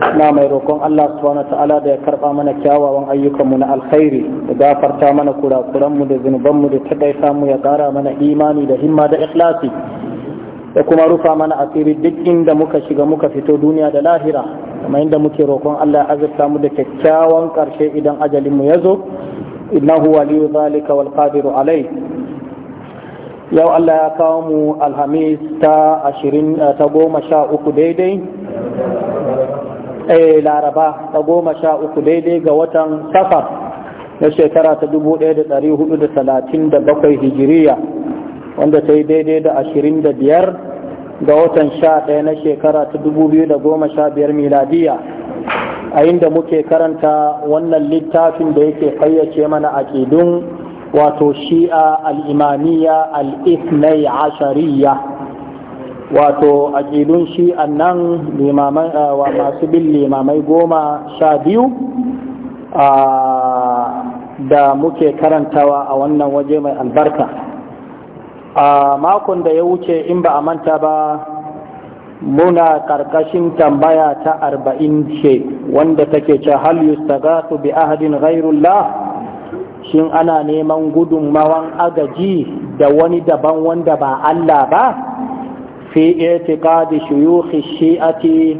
na mai roƙon Allah subhanahu ta'ala da ya karɓa mana kyawawan ayyukanmu na alkhairi da gafarta mana kurakuranmu da zunubanmu da taƙaita mu ya ƙara mana imani da himma da ikhlasi da kuma rufa mana asiri duk inda muka shiga muka fito duniya da lahira kuma inda muke roƙon Allah ya azurta mu da kyakkyawan ƙarshe idan ajalinmu ya zo innahu waliyu zalika wal qadiru alai yau Allah ya kawo mu alhamis ta ta goma sha uku daidai Eh, laraba ta goma sha uku daidai ga watan safar na shekara ta dubu ɗaya da hudu da talatin da bakwai hijiriya wanda ta yi daidai da ashirin da biyar ga watan sha ɗaya na shekara ta dubu biyu da goma sha biyar miladiya a inda muke karanta wannan littafin da yake fayyace mana aƙidun wato shi'a al'imamiya al'ifnai ashariya wato aƙidun shi annan nan wa masu bin limamai goma sha biyu da muke karantawa a wannan waje mai albarka a makon da ya wuce in ba a manta ba muna ƙarƙashin tambaya ta arba'in ce wanda take ce hal su bi ahadin ghairullah shin ana neman gudunmawan agaji da wani daban wanda ba Allah ba fi itiqadi shuyukh shi'ati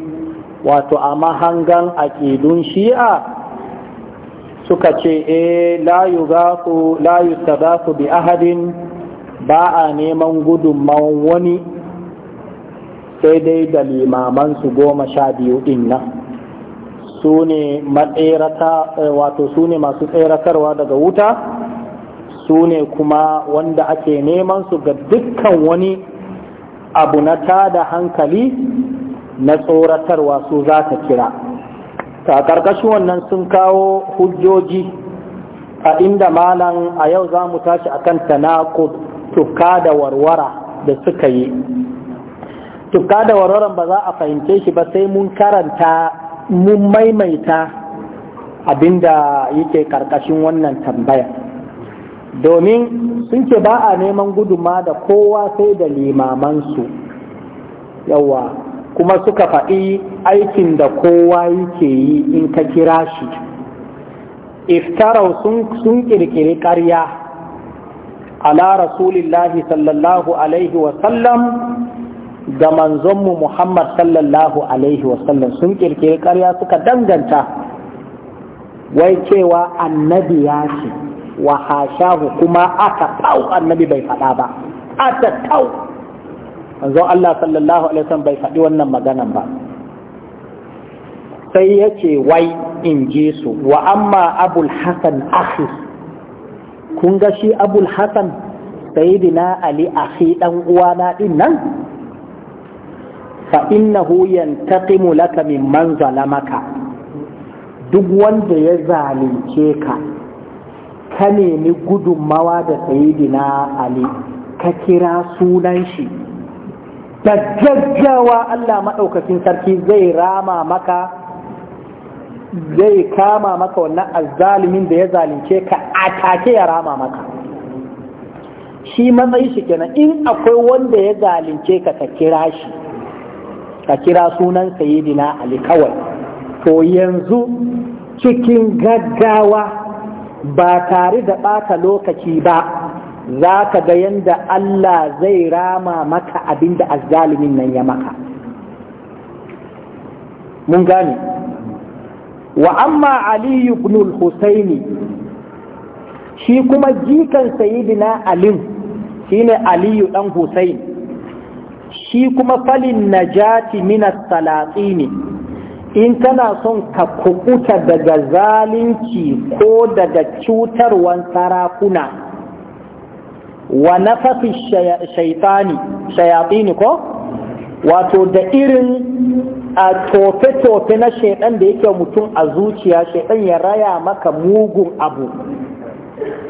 wato a mahangan aƙidun shi'a suka ce e la yugafu la yustadafu bi ahadin ba a neman gudunmawan wani sai dai da limaman su goma sha biyu din nan su eh, wato sune ne masu tseratarwa daga wuta sune kuma wanda ake neman su ga dukkan wani abu na tada hankali na tsoratarwa su za ta kira ta ƙarƙashin wannan sun kawo hujjoji a inda malan a yau za mu tashi kan kan tuka da warwara da suka yi tuka da warwaran ba za a fahimce shi ba sai mun karanta mun maimaita abinda yake ƙarƙashin wannan tambaya. domin sun ce ba a neman guduma da kowa sai da limamansu yawa kuma suka faɗi aikin da kowa yake yi in ka kira shi iftarau sun ƙirƙiri ƙarya ala rasulillahi sallallahu alaihi wasallam ga manzonmu muhammad sallallahu alaihi wasallam sun ƙirƙiri ƙarya suka danganta wai cewa annabi ya ce wa hashahu kuma aka tau annabi bai faɗa ba aka tau manzon Allah sallallahu alaihi wasallam bai faɗi wannan maganan ba sai yace wai in ji su wa amma abul hasan akhi kun ga shi abul hasan sayyidina ali akhi dan uwana din nan fa innahu yantaqimu laka min mimman zalamaka duk wanda ya zalunce ka ka nemi gudunmawa da sayidina ali ka kira sunan shi da gaggawa Allah maɗaukacin sarki zai rama maka zai kama maka wannan azzalimin da ya zalunce ka a take ya rama maka shi matsayi shi kenan in akwai wanda ya zalunce ka ka kira shi ka kira sunan sayidina ali kawai to yanzu cikin gaggawa ba tare da ɓata lokaci ba za ka ga yadda Allah zai rama maka abin da azzalimin nan ya maka mun gane wa amma Ali ibn al-Husaini shi kuma jikan sayidina alim shine aliyu dan husain shi kuma falin najati min as ne. in kana son ka kukuta daga zalunci ko daga cutarwan sarakuna wa nafafi shayatini ko wato da irin a tofe-tofe na shaidan da yake mutum a zuciya shaidan ya raya maka mugun abu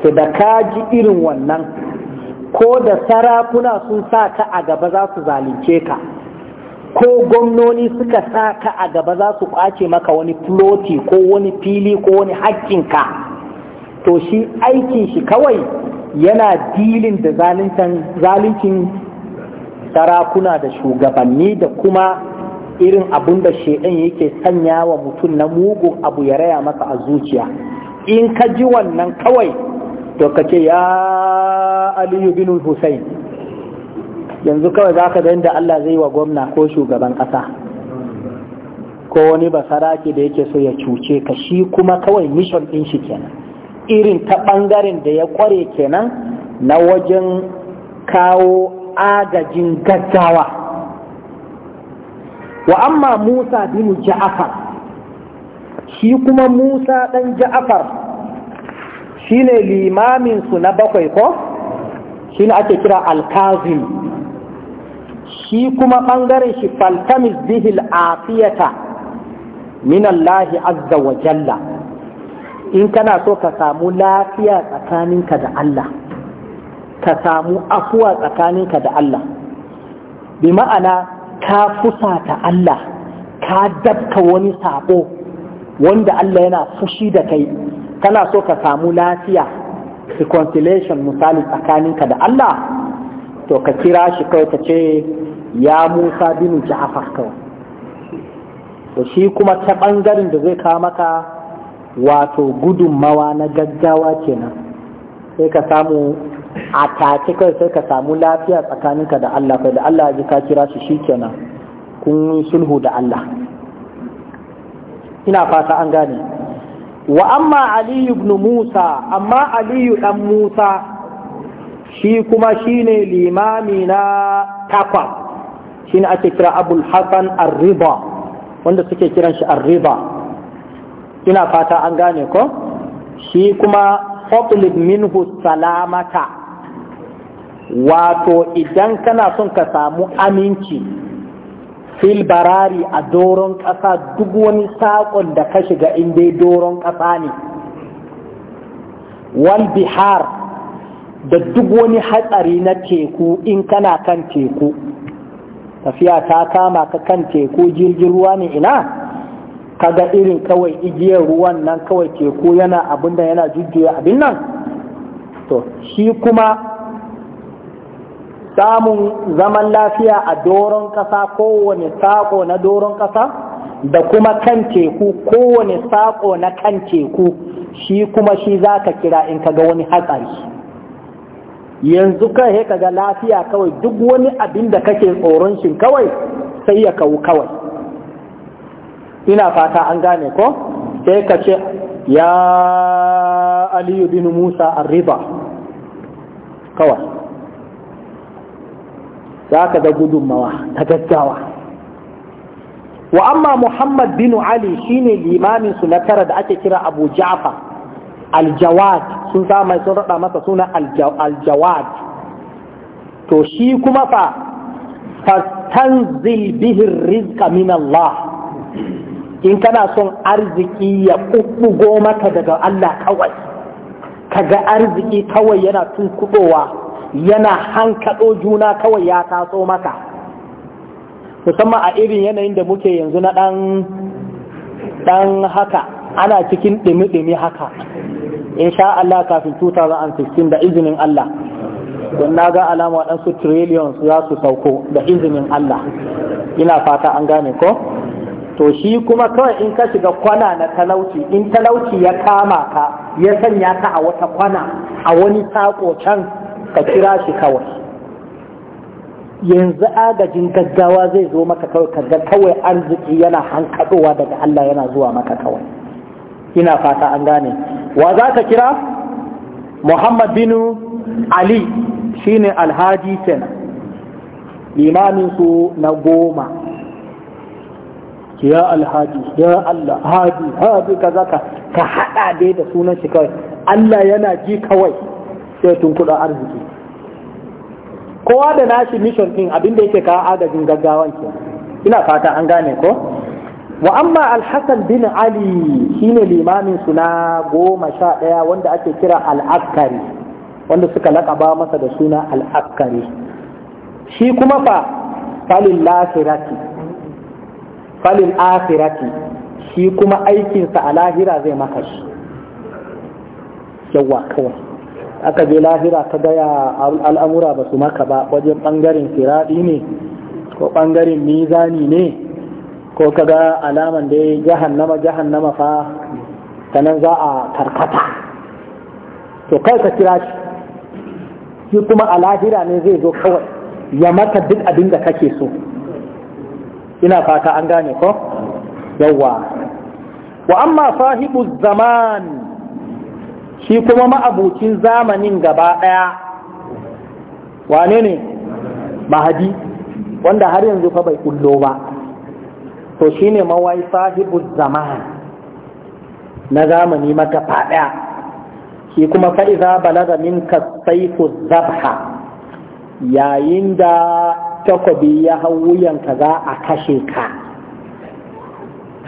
to da ji irin wannan ko da sarakuna sun sa ka a gaba za su zalunce ka ko gwamnoni suka sa ka a gaba za su kwace maka wani floti ko wani fili ko wani hakkinka to shi aikin shi kawai yana dilin da zaluncin sarakuna da shugabanni da kuma irin abun da shaidan yake sanya wa mutum na mugun abu ya raya masa a zuciya in ka ji wannan kawai to ka ce ya aliyu bin hussein yanzu kawai za ka da Allah zai wa gwamna ko shugaban ƙasa ko wani saraki da yake so ya cuce ka shi kuma kawai mission ɗin shi kenan irin ta ɓangaren da ya ƙware kenan na wajen kawo agajin gaggawa wa amma musa binu ja'afar shi kuma musa ɗan ja'afar shi ne limaminsu na bakwai ko shi ne ake kira alkazim shi kuma ɓangaren shi faltamis bihil afiyata min azza wa jalla in kana so ka samu lafiya tsakaninka da Allah ka samu afuwa tsakaninka da Allah bi ma'ana ka fusata Allah ka dabka wani sabo wanda Allah yana fushi da kai kana so ka samu lafiya reconciliation misali tsakaninka da Allah to ka kira shi kawai ka ce ya musa binu ja'afar kawai to shi kuma ta ɓangaren da zai kawo maka wato gudunmawa na gaggawa kenan sai ka samu a tace kai sai ka samu lafiya tsakaninka da Allah kai da Allah ji ka kira shi shi kenan. kun sulhu da Allah ina fata an gane wa amma Aliyu ibn Musa amma Aliyu dan Musa shi kuma shine limami na takwa shine ake kira abul Hassan arriba wanda suke kiran shi arriba ina fata an gane ko shi kuma fatlib minhu salamata wato idan kana son ka samu aminci filbarari a doron ƙasa duk wani saƙon da ka shiga inda doron ƙasa ne wal bihar da duk wani hatsari na teku in kana kan teku tafiya ta kama ka kan teku jirgin ruwa ne ina kaga irin kawai igiyar ruwan nan kawai teku yana abin da yana jujjuya abin nan to shi kuma samun zaman lafiya a doron ƙasa kowane saƙo na doron ƙasa da kuma kan teku kowane saƙo na kan teku shi kuma shi za ka kira in kaga wani hatsari yanzu kai he kaga lafiya kawai duk wani abin da kake tsoron shi kawai sai ya kawu kawai ina fata an gane ko sai ka ce ya aliyu bin musa arriba kawai za ka da gudunmawa ta gaggawa wa amma muhammad bin ali shine limamin su na tara da ake kira abu ja'far al-jawad sun mai sun rada masa suna aljawad to shi kuma fa fastanzil bihi rizqa min Allah in kana son arziki ya kubbugo maka daga Allah kawai kaga arziki kawai yana tunkudowa yana hankado juna kawai ya taso maka musamman a irin yanayin da muke yanzu na dan haka ana cikin dimi-dimi haka insha Allah kafin 2016 da izinin Allah don na ga alama waɗansu trillions za su sauko da izinin Allah ina fata an gane ko to shi kuma kawai in ka shiga kwana na talauci in talauci ya kama ka ya sanya ka a wata kwana a wani sako can ka kira shi kawai yanzu agajin gaggawa zai zo maka kawai kaga kawai arziki yana hankadowa daga Allah yana zuwa maka kawai ina fata an gane wa za ka kira muhammad binu ali shine alhaji kenan limamin su na goma ya alhaji ya allah haji haji ka ka hada dai da sunan shi kawai allah yana ji kawai sai tun kudin arziki kowa da nashi mission din abinda yake kawo agajin gaggawan ke ina fata an gane ko wa amma alhassan bin ali shine limamin su na goma sha ɗaya wanda ake kira al'akari wanda suka laƙaba masa da suna al'akari shi kuma fa falil lahirati falil akhirati shi kuma aikinsa a lahira zai maka shi yawa kawai aka je lahira ka gaya al'amura ba su maka ba wajen ɓangaren siraɗi ne ko ɓangaren mizani ne ko kaga alaman da ya jahannama jahannama fa sanan za a karkata to kai ka kira shi shi kuma a lahira ne zai zo kawai ya mata duk abin da kake so ina fata an gane ko yawwa wa amma sahibu zaman shi kuma ma'abucin zamanin gaba ɗaya wane ne mahadi wanda har yanzu fa bai kullo ba to shine mawai sahibu zaman na zamani maka faɗa shi kuma fa'iza balaga ka saifu zabha yayin da takobi ya hau wuyanka za a kashe ka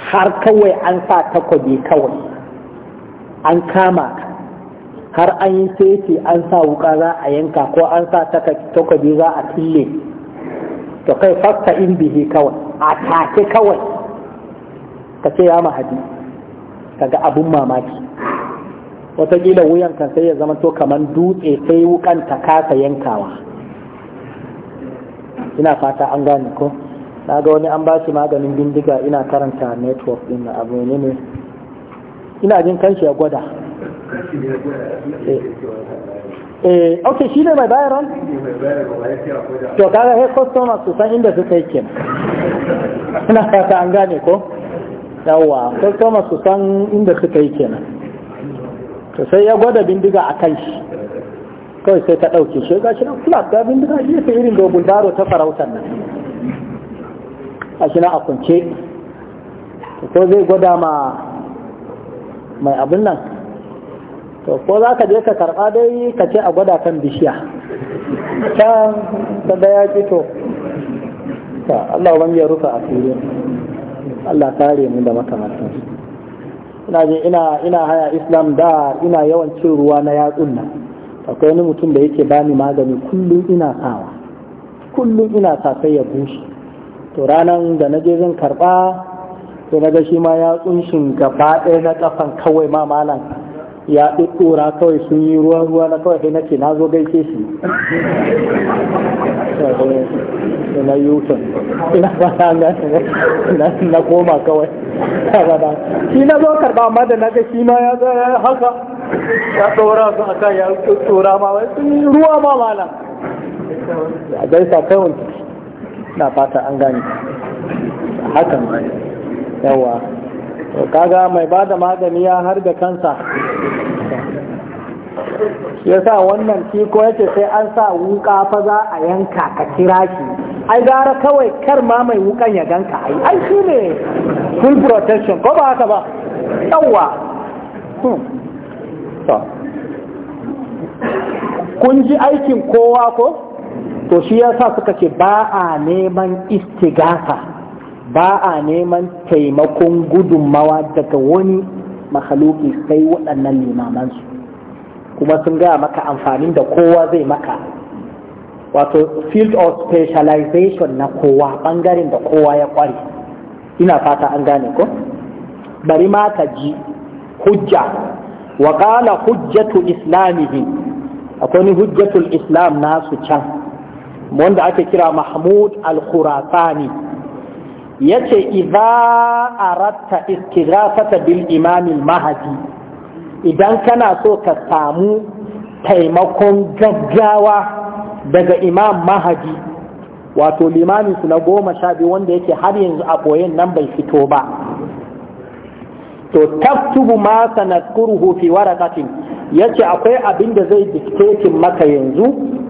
har kawai an sa takobi kawai an kama ka har an yi sai an sa wuka za a yanka ko an sa takobi za a tille to kai fasta in bihi kawai a take kawai ka ce ya mahadi kaga abun mamaki wataƙila wuyan kan sai ya zama to kaman dutse sai wukan ta kasa yankawa ina fata an gane ko na ga wani an bashi maganin bindiga ina karanta network din abu ne ne ina jin kanshi ya gwada eh ok shi ne mai bayarwa to kada hei customer su san inda suka yi kenan ina fata an gane ko yawa customer su san inda suka yi kenan to sai ya gwada bindiga a kan shi kawai sai ta ɗauke shi ga shi nan flat ga bindiga shi sai irin dogon daro ta farautar nan a shi na a kunce to ko zai gwada ma mai abin nan to ko za ka je ka karɓa dai ka ce a gwada kan bishiya can ta daya to ta Allah wani ya rufe asiri Allah kare mu da makamantan ina je ina haya islam da ina yawan cin ruwa na yatsun nan akwai wani mutum da yake bani magani kullum ina sawa kullum ina sa sai ya bushe to ranan da na je zan karɓa sai na ga shi ma yatsun shin gaba ɗaya na kafan kawai ma malam ya ɗuɗɗura kawai sun yi ruwa ruwa na kawai na ce na zo gaishe shi na yutun ina ba na koma kawai shi na zo karɓa amma da na ga shi ma ya haka ya ɗora su a kan ya ɗuɗɗura ma wai sun yi ruwa ma malam a gaisa kai wanki na fata an gani hakan yawa kaga mai ba da magani ya har da kansa ya sa wannan kiko ya ce sai an sa wuka fa za a yanka ka kira shi ai gara kawai kar ma mai wukan ya ganka ai ai shi ne full protection ko ba haka ba yawwa hmm. kun ji aikin kowa ko to shi ya sa suka ce ba a neman istigasa ba a neman taimakon gudunmawa daga wani makhaluki sai waɗannan limamansu kuma sun gaya maka amfanin da kowa zai maka wato field of specialization na kowa ɓangaren da kowa ya ƙware ina fata an gane ko bari ma ka ji hujja wa ƙala hujjatu islamihi akwai ni hujjatul islam nasu can wanda ake kira mahmud al-khurasani yace idza aratta istighafata bil imamil Mahadi, idan kana so ka samu taimakon gaggawa daga imam mahadi wato limamin su na goma sha biyu wanda yake har yanzu a ɓoyen nan bai fito ba to taftubu ma sanadkuruhu fi waraqatin yace akwai abin da zai dictating maka yanzu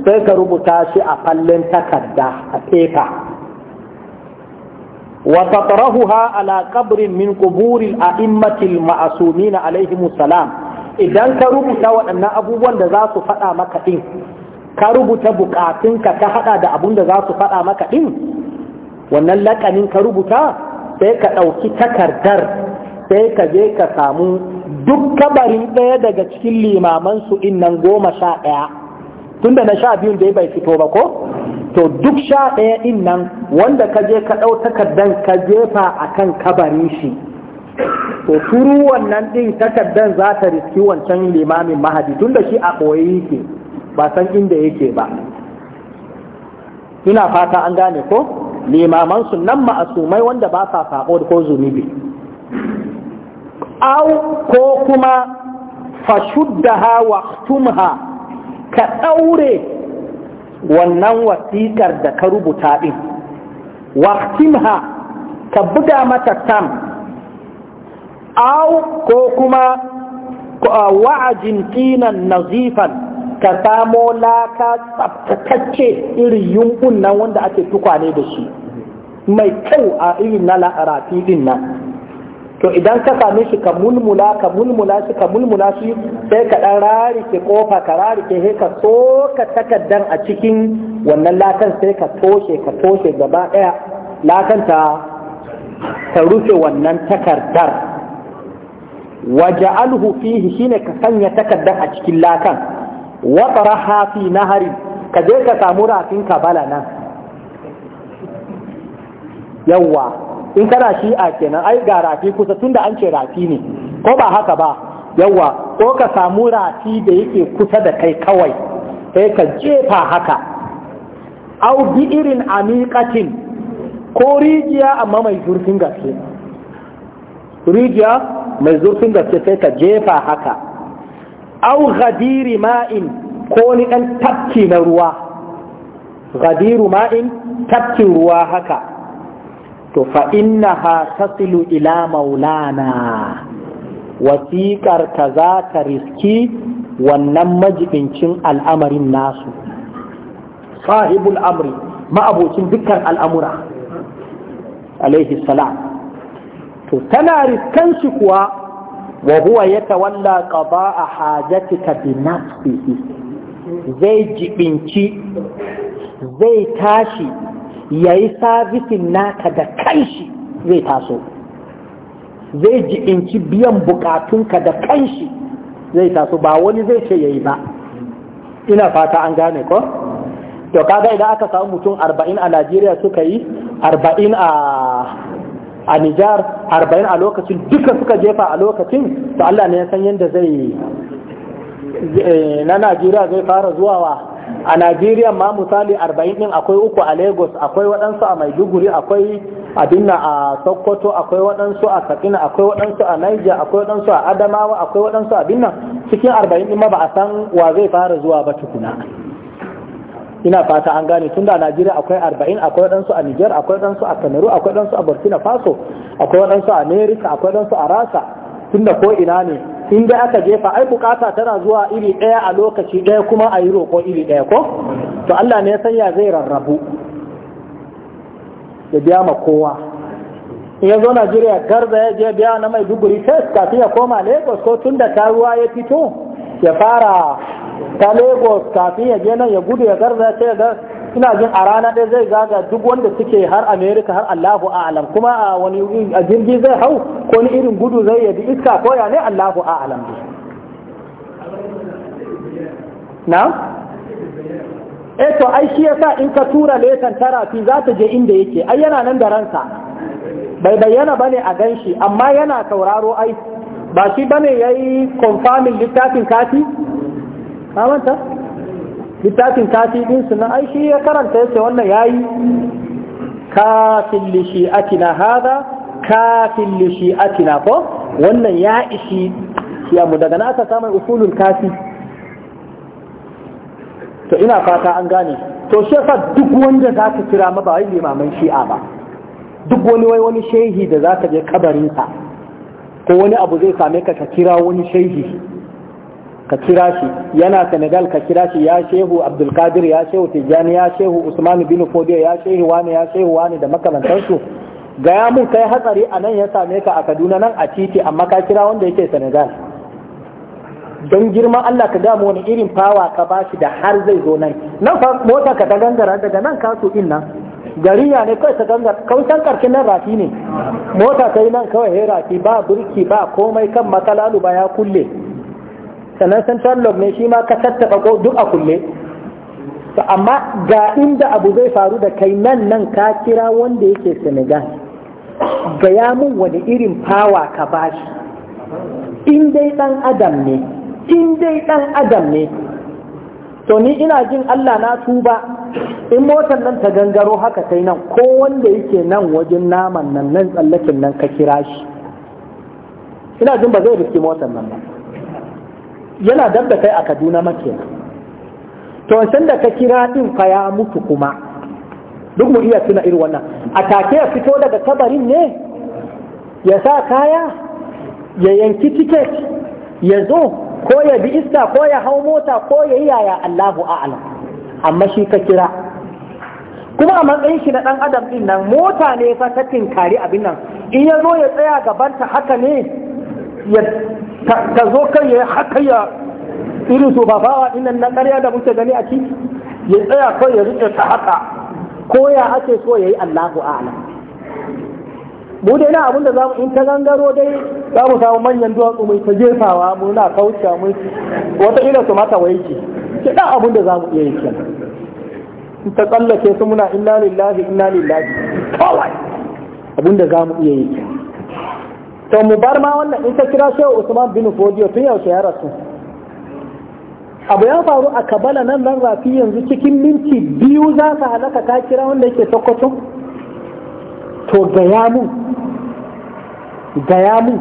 sai ka rubuta shi a fallen takarda a paper wa tatrahuha ala qabrin min quburil a'immatil ma'sumin alaihimus salam idan ka rubuta waɗannan abubuwan da za su faɗa maka ɗin ka rubuta buƙatunka ka haɗa da abun da za su faɗa maka ɗin wannan laƙanin ka rubuta sai ka ɗauki takardar sai ka je ka samu duk kabarin ɗaya daga cikin limaman su nan goma sha ɗaya tun da na sha biyun da bai fito ba ko to duk sha ɗaya ɗin nan wanda ka je ka ɗau takardan ka jefa a kan kabarin shi to turu wannan ɗin takardan za ta riski wancan limamin mahadi tun da shi a ɓoye yake ba san inda yake ba ina fata an gane ko limaman su nan ma'asumai wanda ba sa saɓo ko zunubi au ko kuma fashuddaha wa ka ɗaure wannan wasiƙar da ka rubuta ɗin ha ka buga mata tam au ko kuma wa'ajin qinan nazifan ka samo laka tsaftatacce irin yunkun nan wanda ake tukwane da shi mai kyau a irin na la'arafi din nan to idan ka same shi ka mulmula ka mulmula shi ka mulmula shi sai ka dan rarike kofa ka rarike he ka soka takaddan a cikin wannan lakan sai ka toshe ka toshe gaba daya lakan ta ta rufe wannan takardar waja'alhu fihi shine ka sanya takardar a cikin lakan wa taraha fi nahari ka je ka samu rafin ka bala nan yawwa in kana a kenan ai ga rafi kusa tunda an ce rafi ne ko ba haka ba yawa ko ka samu rafi da yake kusa da kai kawai sai ka jefa haka au bi irin amiqatin ko rijiya amma mai zurfin gaske rijiya mai zurfin gaske sai ka jefa haka au ghadiri ma'in ko ni dan tafki na ruwa ghadiru ma'in tafkin ruwa haka to fa innaha tasilu ila maulana wasiƙar ta za ta riski wannan majibincin al'amarin nasu sahibul amri ma'abocin dukkan al'amura alaihi salam to tana riskan shi kuwa wa huwa ya tawalla qada a hajatika bi nafsihi zai jibinci zai tashi ya yi sabisin naka da kanshi zai taso zai ci biyan bukatunka da kanshi zai taso ba wani zai ce ya yi ba ina fata an gane ko to kaga idan aka samu mutum arba'in a najeriya suka yi arba'in a a nijar arba'in a lokacin duka suka jefa a lokacin to allah ne ya san yadda zai eh, na najeriya zai fara zuwa wa a Najeriya ma misali 40 din akwai uku a Lagos akwai waɗansu a Maiduguri akwai abinna a Sokoto akwai waɗansu a Katsina akwai waɗansu a Niger akwai waɗansu a Adamawa akwai waɗansu a Binna cikin 40 din ma ba a san wa zai fara zuwa ba tukuna ina fata an gane tun da Najeriya akwai 40 akwai waɗansu a Niger akwai waɗansu a Kamaru akwai waɗansu a Burkina Faso akwai waɗansu a America akwai waɗansu a Rasa tunda ko ina ne in dai aka jefa ai bukata tana zuwa iri ɗaya a lokaci ɗaya kuma a yi roƙo iri ɗaya ko to Allah ne ya sanya zai rarrabu ya biya ma kowa in ya zo Najeriya garza ya je biya na mai duguri test kafin ya koma Lagos ko tunda da ta ruwa ya fito ya fara ta Lagos kafin ya je nan ya gudu ya garza ya ce ina jin a rana ɗaya zai zaga duk wanda suke har Amerika har allahu a'alam kuma a wani a jirgi zai hau ko ni irin gudu zai yabi iska ko ya ne allahu a'alam na eh to ai shi yasa in ka tura letan tarafi za ta je inda yake ai yana nan da ransa bai bayyana bane a ganshi amma yana sauraro ai ba shi bane yayi confirming littafin kati ka manta littafin kafi ɗinsu na aishi ya karanta yace wannan ya yi kafin lishi'atina hada kafin lishi'atina ko wannan ya ishi ya mu daga na aka samun usulul kafi to ina fata an gane to shi yasa duk wanda za kira ma ba wai limaman shi'a ba duk wani wai wani shehi da za ka je kabarinsa ko wani abu zai same ka ka kira wani shehi ka kira shi yana senegal ka kira shi ya shehu abdulkadir ya shehu tijjani ya shehu usman bin fodiyo ya shehu wani ya shehu wani da makamantansu gaya mun kai hatsari a nan ya same ka a kaduna nan a titi amma ka kira wanda yake senegal don girma, allah ka damu wani irin fawa ka bashi da har zai zo nan nan fa mota ka ta gangara daga nan kasu din nan gariya ne kai ta gangara kawai san karkin nan rafi ne mota ta yi nan kawai rafi ba burki ba komai kan makalalu ba ya kulle sannan central log ne shi ma ka ko duk a kulle to amma ga inda abu zai faru da kai nan nan ka kira wanda yake senegal gaya mun wani irin fawa ka bashi in dai dan adam ne in dai dan adam ne to ni ina jin Allah na tuba in motar nan ta gangaro haka sai nan ko wanda yake nan wajen naman nan nan tsallakin nan ka kira shi ina jin ba zai riski motar nan ba yana dabda kai a kaduna make to san da ka kira din fa ya mutu kuma duk mu iya tuna irin wannan a take ya fito daga kabarin ne ya sa kaya ya yanki tiket ya zo ko ya bi iska ko ya hau mota ko ya yi yaya Allahu a'lam amma shi ka kira kuma a matsayin shi na ɗan adam din nan mota ne fa ta tinkari abin nan in ya zo ya tsaya gabanta haka ne ta zo kan ya haka ya irin su ba fawa inan na ƙarya da muke gani a ciki ya tsaya ko ya rike ta haka ko ya ake so ya yi Allahu a'ala mu dai na abinda za mu in ta gangaro dai za mu samu manyan duwatsu mai ta jefawa mu na kauce mu wata ila su mata waye ce ki da abinda za mu iya yi kenan in ta tsallake su muna inna lillahi inna lillahi kawai abinda za mu iya yi kenan to mu bar ma wannan in ka kira shehu usman bin fodiyo tun yaushe ya rasu abu ya faru a kabala nan nan rafi yanzu cikin minti biyu za ka halaka ka kira wanda yake sokoto to gaya mu gaya mu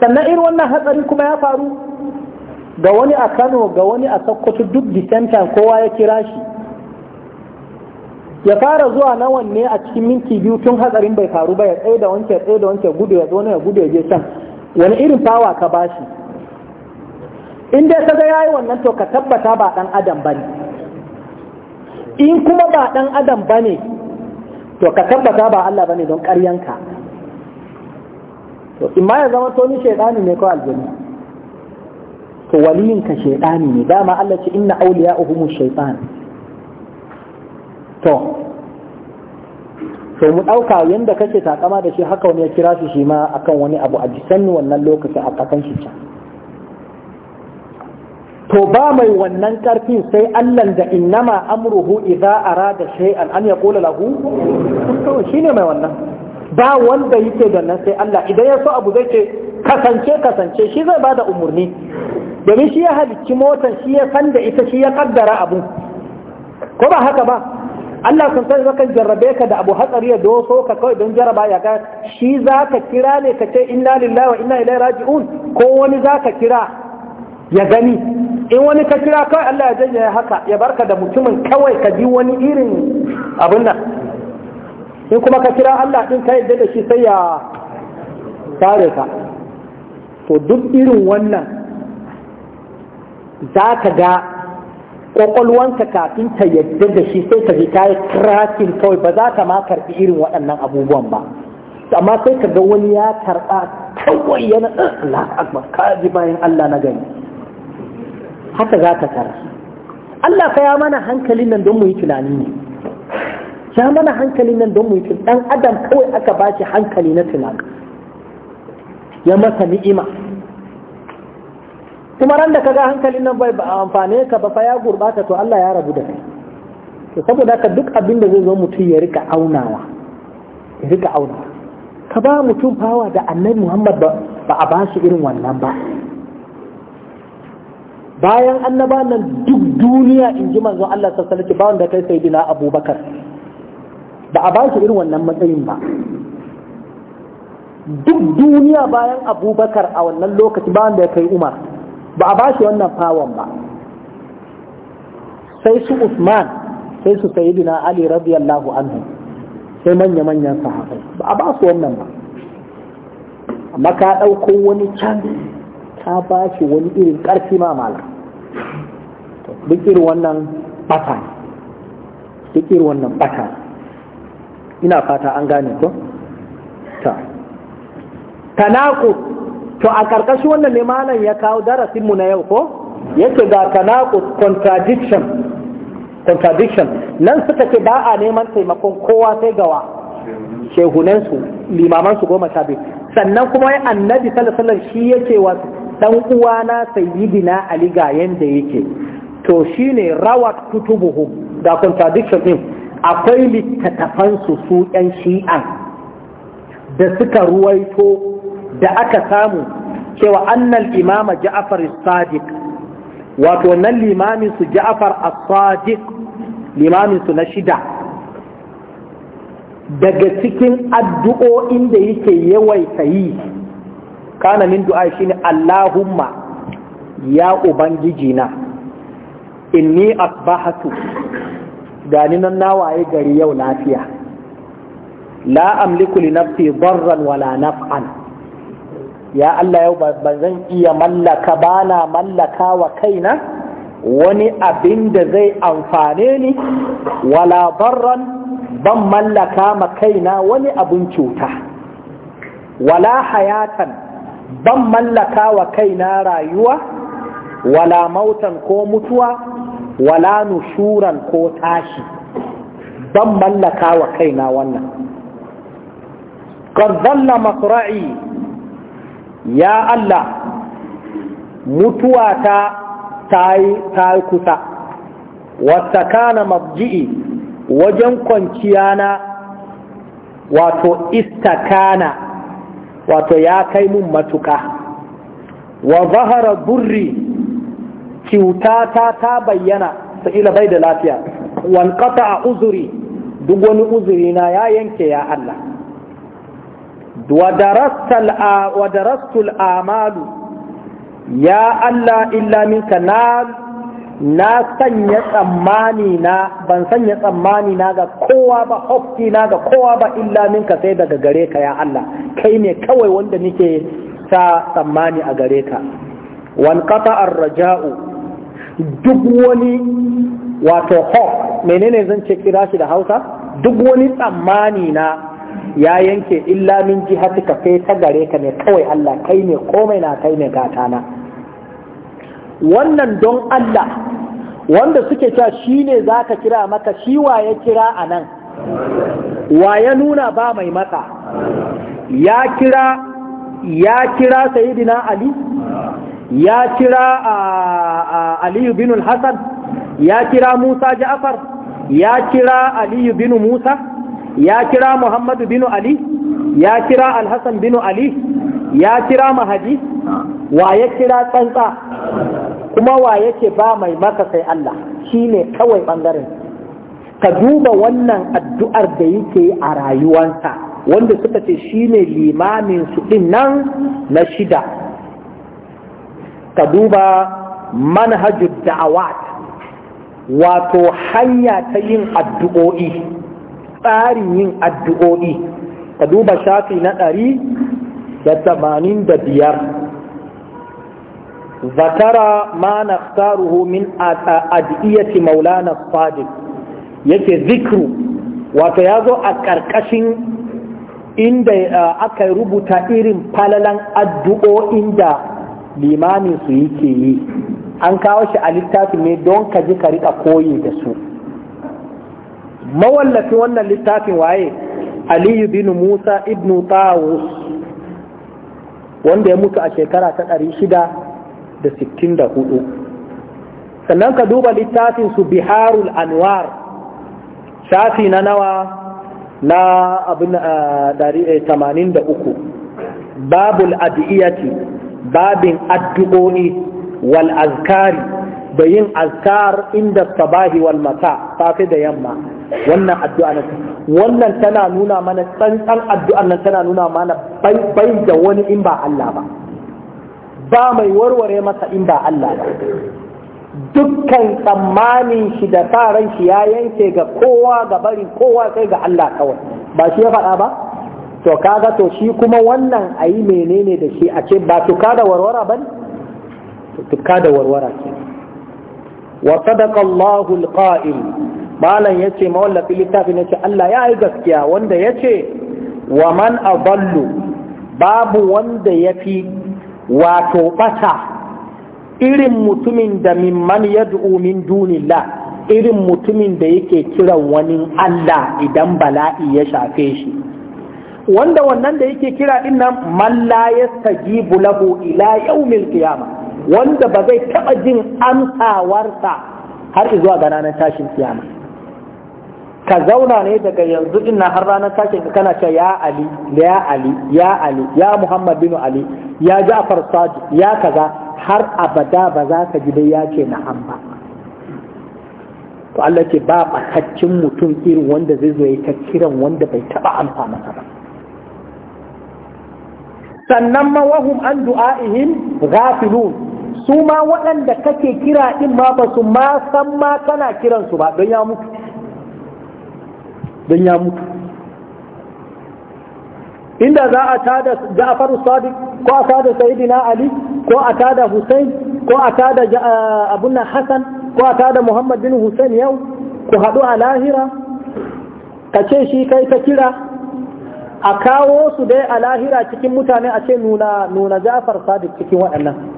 sannan irin wannan hatsari kuma ya faru ga wani a kano ga wani a sokoto duk disenta kowa ya kira shi ya fara zuwa na wanne a cikin minti biyu tun hatsarin bai faru ba ya tsaye da wanke tsaye da wanke gudu ya zo ya gudu ya je can wani irin fawa ka bashi in dai kaga yayi wannan to ka tabbata ba dan adam bane in kuma ba dan adam bane to ka tabbata ba Allah bane don ƙaryanka to in ma ya zama to ni shaydani ne ko aljini to waliyin ka shaydani ne dama Allah ce inna awliya'uhumu shaytan to so mu ɗauka yadda kake takama da shi haka wani ya kira shi shi ma akan wani abu a jisan wannan lokacin a kakan shi can to ba mai wannan ƙarfin sai Allah da innama amruhu idza arada shay'an an yaqula lahu to shine mai wannan ba wanda yake da nan sai Allah idan ya so abu zai ce kasance kasance shi zai bada umurni domin shi ya halicci motar shi ya san da ita shi ya kaddara abu ko ba haka ba Allah sun san zaka jarrabe ka da abu hatsari ya doso ka kawai don jaraba ya ga shi za ka kira ne ka ce inna lillahi wa inna ilaihi raji'un ko wani za ka kira ya gani in wani ka kira kawai Allah ya janye haka ya barka da mutumin kawai ka ji wani irin abin nan in kuma ka kira Allah din ka yadda da shi sai ya tare ka to duk irin wannan za ka ga Ƙwaƙwalwanka kafin ta yadda da shi sai ka ji ta yi tracking kawai ba za ta ma karɓi irin waɗannan abubuwan ba amma sai ka ga wani ya karɓa kawai yana ah, Allah akbar ka ji bayan Allah na gani haka za ka tara Allah fa ya mana hankalin nan don mu yi tunani ne ya mana hankalin nan don mu yi tunani dan adam kawai aka ba shi hankali na tunani ya masa ni'ima kuma ran da kaga hankalin nan bai amfane ka ba fa ya gurbata to Allah ya rabu da kai to saboda ka duk abin da zai zo mutum ya rika aunawa ya rika aunawa ka ba mutum fawa da annabi Muhammad ba a ba shi irin wannan ba bayan annaba nan duk duniya in ji manzo Allah sallallahu alaihi wasallam wanda kai sayyidina Abubakar ba a ba shi irin wannan matsayin ba duk duniya bayan Abubakar a wannan lokaci ba wanda ya kai Umar ba a bashi wannan fawon ba sai su Usman sai su sayyidina Ali radiyallahu anhu sai manya-manyan sahabai ba a ba su wannan ba amma ka ɗauko wani can ka ba shi wani irin ƙarfi ma mala duk irin wannan bata duk irin wannan bata ina fata an gane ko ta tanakus to a karkashin wannan ne malam ya kawo darasin mu na yau ko yake ga tanaqud contradiction contradiction nan suka ce ba a neman taimakon kowa sai gawa shehunan su limaman su goma sha biyu sannan kuma ya annabi sallallahu alaihi shi yake wa dan uwana sayyidina ali ga yanda yake to shine rawat kutubuhu da contradiction din akwai littattafan su su yan shi'an da suka ruwaito da aka samu cewa annal imama ja'far sadik sadiq wato nan limamin su ja'far as-sadiq limamin su na shida daga cikin addu'o'in da yake yawaita yi kana min du'a shine Allahumma ya ubangiji na inni asbahatu gani nan nawaye gari yau lafiya la amliku li nafsi darran wala naf'an ya Allah yau ba zan iya mallaka ba na mallaka wa kaina wani abin da zai amfane ni wala barran ban mallaka ma kaina wani abin cuta wala hayatan ban mallaka wa kaina rayuwa wala mautan ko mutuwa wala nushuran ko tashi ban mallaka wa kaina wannan قد lamakra'i. ya Allah mutuwa ta ta kusa wata kana mabji'i wajen kwanciyana wato istakana wato ya kai mun matuka wa zahara burri ciutata ta bayyana sa'ila bai da lafiya wankata a uzuri duk wani uzuri na ya yanke ya Allah wadarastul amalu ya Allah illa minka na na sanya tsammani na ban sanya tsammani na ga kowa ba hofti na ga kowa ba illa minka sai daga gare ka ya Allah kai ne kawai wanda nike sa tsammani a gare ka wan qata raja'u duk wani wato hof menene zan ce kira shi da Hausa duk wani tsammani na ya yanke illa min ka kai ta gare ka ne kawai Allah kai ne komai na kai ne gata na wannan don Allah wanda suke cewa shi ne za ka kira maka shi wa ya kira a nan wa ya nuna ba mai maka ya kira ya kira sayidina ali ya kira aliyu bin hassan ya kira musa ja'far ya kira aliyu bin musa ya kira muhammadu binu ali ya kira alhassan binu ali ya kira mahadi wa ya kira tsantsa kuma wa yake ba mai maka sai Allah ne kawai ɓangaren ka duba wannan addu'ar da yake a rayuwansa wanda suka ce shi ne limamin su din nan na shida ka duba manhajud da'awat wato hanya ta yin addu'o'i tsarin yin addu'o'i ka duba shafi na ɗari da tamanin da biyar zakara ma na tsaruhu min adiyyati maulana sadiq yake zikru wato ya zo a ƙarƙashin inda aka rubuta irin falalan addu'o'in da limamin su yake yi an kawo shi a littafin ne don ka ji ka riƙa koyi da su Mawallafi wannan littafin waye aliyu bin musa ibnu tawus wanda ya mutu a shekara ta ɗari shida sannan ka duba littafin su biharul anwar shafi na nawa na abin eh, eh, da uku babul adiyati babin addu'o'i wal azkari da yin azkar inda sabahi wal mata safe da yamma wannan addu'a na wannan tana nuna mana tsantsan addu'an nan tana nuna mana bai da wani in ba Allah ba ba mai warware masa in ba Allah ba dukkan tsammanin shi da sa ran shi ya yanke ga kowa ga bari kowa sai ga Allah kawai ba shi ya faɗa ba to kaga to shi kuma wannan ayi menene da shi a ce ba tuka da warwara bane tuka da warwara wa sadaqa Allahu al-qa'il malan yace mawallafi littafin yace Allah ya yi gaskiya wanda yace wa man adallu babu wanda yafi wato bata irin mutumin da mimman yad'u min dunillah irin mutumin da yake kiran wani Allah idan bala'i ya shafe shi wanda wannan da yake kira din nan man la yastajibu lahu ila yawmil qiyamah wanda ba zai taba jin amsawarsa har zuwa ga ranar tashin kiyama ka zauna ne daga yanzu ina har ranar tashin ka kana ce ya ali ya ali ya ali ya muhammad bin ali ya ja'far sadiq ya kaza har abada ba za ka ji dai ya ce na'am ba to Allah ce ba bataccin mutum irin wanda zai zo ya ta kiran wanda bai taba amsa masa ba sannan ma wahum an du'a'ihim ghafilun su ma waɗanda kake kira ɗin ma ba su ma san ma kana kiransu ba don ya mutu don ya mutu inda za a tada Ja'far Sadiq ko a tada Sayyidina Ali ko a tada Hussein ko a tada eh, Abunna Hassan ko a tada Muhammad bin Hussein yau ku haɗu a lahira ka ce shi kai ka kira a kawo su dai a lahira cikin mutane a ce nuna nuna Ja'far Sadiq cikin waɗannan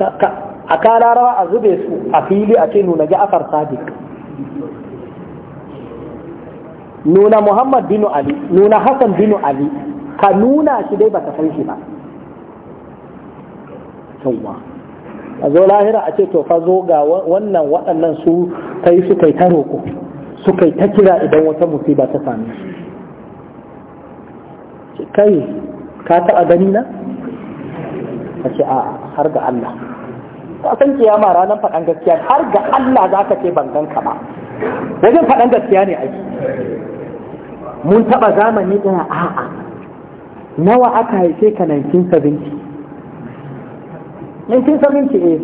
a kala rawa a zube su a fili a ce nuna ja'afar sadiq nuna muhammad bin ali nuna hassan bin ali ka nuna shi dai baka san shi ba yawwa a zo lahira a ce to fa zo ga wannan waɗannan su kai su kai ta roƙo su kai ta kira idan wata musiba ta same su kai ka taɓa gani na a ce a har ga Allah ka san kiyama ranar faɗan gaskiya har ga Allah za ka ce ban ganka ba wajen faɗan gaskiya ne aiki mun taɓa zamani ɗaya a'a nawa aka haife ka 1970 1970 e,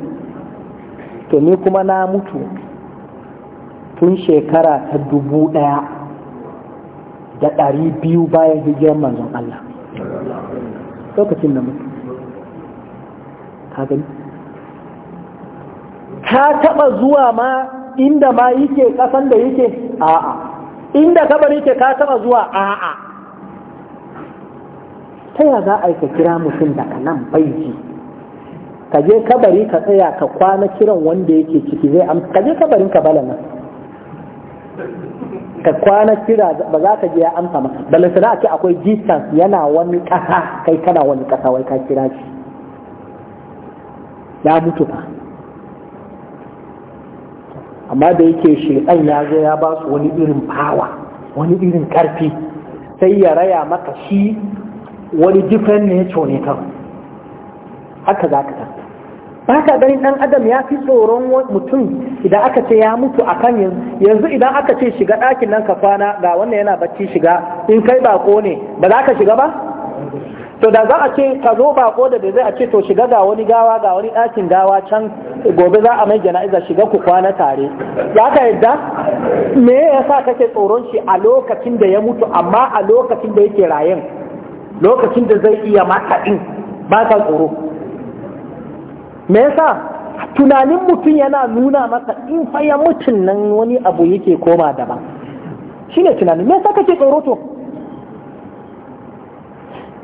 to ni kuma na mutu tun shekara ta dubu ɗaya da ɗari biyu bayan hijiyar manzon Allah lokacin da mutu ka gani ka taba zuwa ma inda ma yake kasan da yake a'a inda kabari yake ka taba zuwa a'a ta ya za a yi ka kira mutum daga nan baiji ka je kabari ka tsaya ka kwana kiran wanda yake ciki zai amsa ka je kabarin ka bala nan ka kwana kira ba za ka je ya amsa ma bala sana a akwai distance yana wani kasa kai kana wani kasa wai ka kira shi ya mutu fa amma da yake shaitan ya zo ya ba su wani irin fawa wani irin karfi sai ya raya maka shi wani different nature ne kan haka za ka ta ba ka ganin ɗan adam ya fi tsoron mutum idan aka ce ya mutu a kan yanzu idan aka ce shiga ɗakin nan ka kwana ga wannan yana bacci shiga in kai ko ne ba za ka shiga ba to da za a ce ka zo ba ko da zai a ce to shiga ga wani gawa ga wani ɗakin gawa can gobe za a mai jana'iza shiga ku kwana tare ya ka yadda me yasa kake tsoron shi a lokacin da ya mutu amma a lokacin da yake rayen lokacin da zai iya matsaɗin ba ka tsoro me ya sa tunanin mutum yana nuna masa in fa ya mutun nan wani abu yake koma daban shine tunanin me yasa kake tsoro to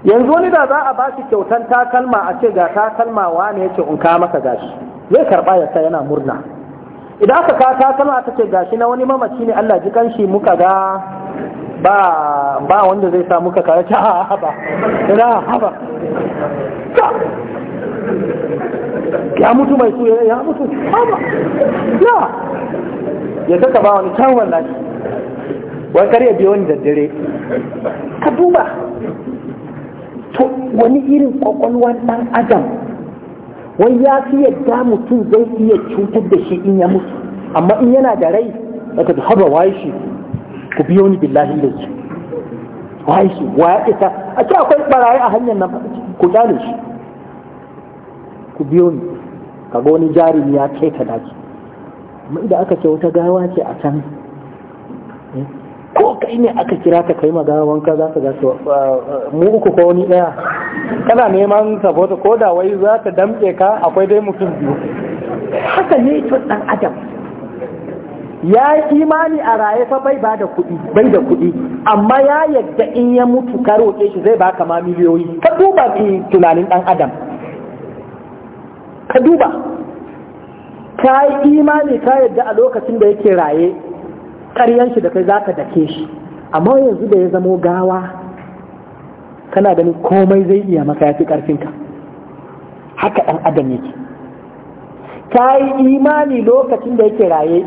yanzu wani da za a ba shi kyautan takalma a ce ga takalma wane ya ce in ka maka gashi zai karba ya yana murna idan aka ka takalma aka ce gashi na wani mamaci ne Allah ji kanshi muka ga ba ba wanda zai sa muka kare ta haba ina haba ya mutu mai su ya mutu haba ya ya kaka ba wani can wallahi wani kare biyo ni wani daddare ka duba to wani irin kwakwalwar ɗan adam wai ya fi yadda mutum zai iya cutar da shi in ya mutu amma in yana da rai daga da haba waye shi ku biyo ni billahi da shi waye shi waye ita a ce akwai barayi a hanyar nan ku kyale shi ku biyo ni kaga wani jarumi ya kai ta daji amma idan aka ce wata gawa ce a can eh, ko kai ne aka kira ka kai magana wanka za ka ga uh, uh, mu uku ko wani daya kana neman sabota ko da wai za ta damke ka akwai dai mutum biyu haka ne to dan adam ya yi imani a raye fa bai da kuɗi bai da kuɗi amma ya yadda in ya mutu ka roƙe shi zai baka ma miliyoyi ka duba tunanin ɗan adam ka duba ka yi imani ka yadda a lokacin da yake raye ƙaryan shi da kai za ka dake shi amma yanzu da ya zamo gawa kana ganin komai zai iya maka ya fi ƙarfinka haka ɗan adam yake Ta yi imani lokacin da yake raye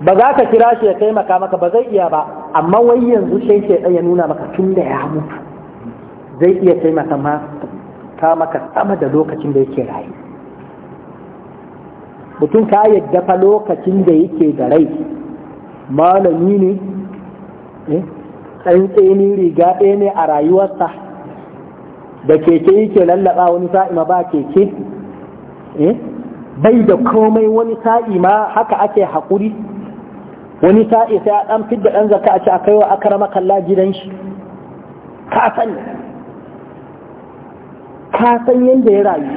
ba za ka kira shi ya taimaka maka ba zai iya ba amma wai yanzu sai shaidan ya nuna maka tun da ya mutu zai iya taimaka ma ta maka sama da lokacin da yake raye mutum ka yadda fa lokacin da yake da rai malami ne eh, tsantseni riga ɗaya ne a rayuwarsa da keke yake lallaba wani sa'i ba keke eh, bai da komai wani sa'i ma haka ake haƙuri wani sa'i sai a ɗan fidda ɗan zaka a ci a kaiwa aka rama kalla gidan shi kasan san yadda ya rayu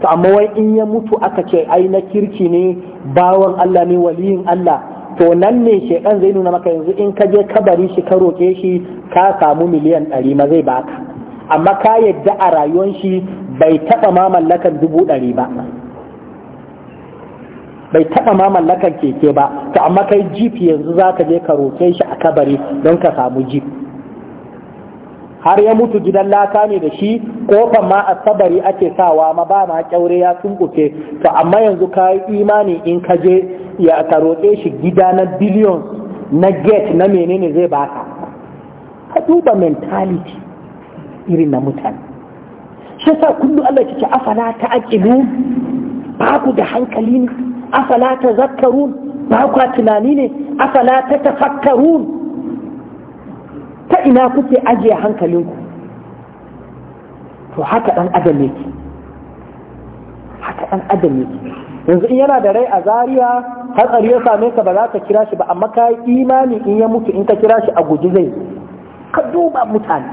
to amma wai in ya mutu aka ce ai na kirki ne bawan Allah ne waliyin Allah to nan ne shekan zai nuna maka yanzu in ka je kabari shi ka roƙe shi ka samu miliyan ɗari ma zai baka amma ka yadda a rayuwar shi bai taɓa ma mallakan dubu ɗari ba bai taɓa ma mallakan keke ba to amma kai jip yanzu za ka je ka roƙe shi a kabari don ka samu jip har ya mutu gidan laka ne da shi kofan ma a sabari ake sawa ma ba ma kyaure ya tunkuke to amma yanzu ka yi imani in ka je ya ka roƙe shi gida na biliyon na gate na menene zai baka ka duba mentality irin na mutane shi sa kullu Allah ya ce afala ta aqilu ba ku da hankali ne afala ta zakkarun ba ku tunani ne afala ta tafakkarun ta ina kuke ajiye hankalinku to haka ɗan adam yake haka ɗan adam yake yanzu in yana da rai a zariya hatsari ya same ka ba za ka kira shi ba amma ka yi imani in ya mutu in ka kira shi a guji zai ka duba mutane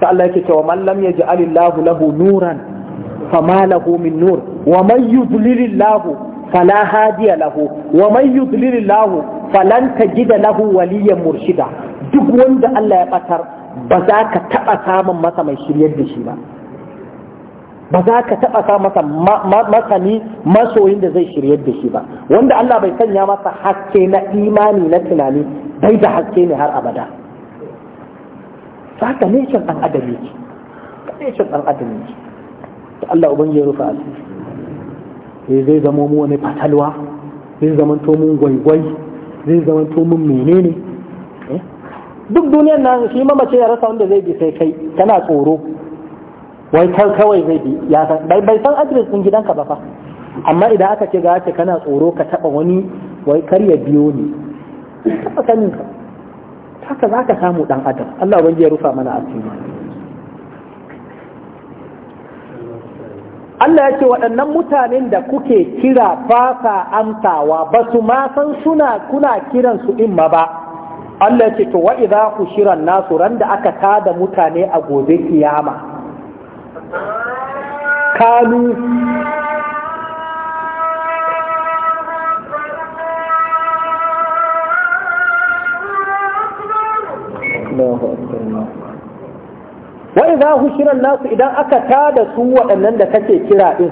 sai Allah yake cewa man lam yaj'alil lahu lahu nuran fama lahu min nur wa man yudlilil lahu fala hadiya lahu wa man yudlilil lahu falan tajida lahu waliyan murshida duk wanda Allah ya batar ba za ka taɓa samun masa mai shiryar da shi ba ba za ka taɓa sa masa masani masoyin da zai shiryar da shi ba wanda Allah bai sanya masa haske na imani na tunani bai da haske ne har abada haka ne shan dan adam yake ne shan dan adam yake to Allah ubangiji ya rufa asiri zai zama mu wani fatalwa zai zama to mun gwaigwai zai zama min menene eh? duk duniyar na shi mamace ya rasa wanda zai bi sai kai tana tsoro wai kan kawai zai bi ya san bai san adres din gidanka ba fa amma idan aka ce ga ce kana tsoro ka taba wani wai kar ya biyo ni taba sanin ka haka za samu dan adam Allah ubangiji ya rufa mana asiri Allah ya ce waɗannan mutanen da kuke kira ba sa amsawa ba su ma san suna kuna kiran su in ma ba Allah ya ce to wa'iza ku shiran nasu randa da aka tada mutane a gobe kiyama kalu Allahu akbar Wai za ku shirin nasu idan aka ta da su waɗannan da kake kira ɗin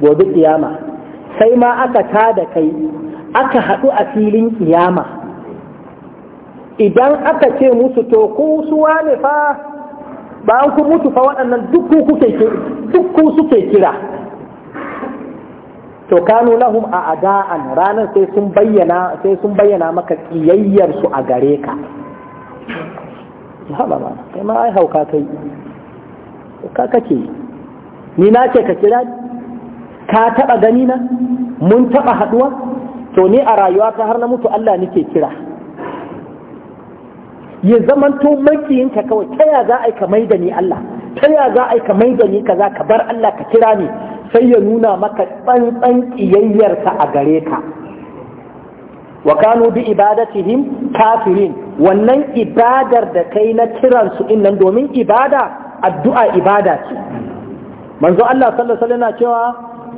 gobe kiyama sai ma aka tada kai aka haɗu a filin kiyama idan aka ce musu to ku su wane fa ba an ku mutu fa waɗannan duk ku suke kira to kanu lahum a ada'an ranar sai sun bayyana maka kiyayyarsu a gare ka haɓa ba kai ma ai hauka kai ka kake ni na ce ka kira ka taɓa gani na mun taɓa haɗuwa to ni a rayuwa ta har na mutu Allah nake kira ya zamanto ka kawai ta ya za a yi ka mai ni Allah ta ya za a yi ka mai da ni kaza ka bar Allah ka kira ni sai ya nuna maka tsantsan kiyayyarsa a gare ka wa kanu bi ibadatihim kafirin wannan ibadar da kai na kiransu din domin ibada addu'a ibada ce manzo Allah sallallahu alaihi wasallam cewa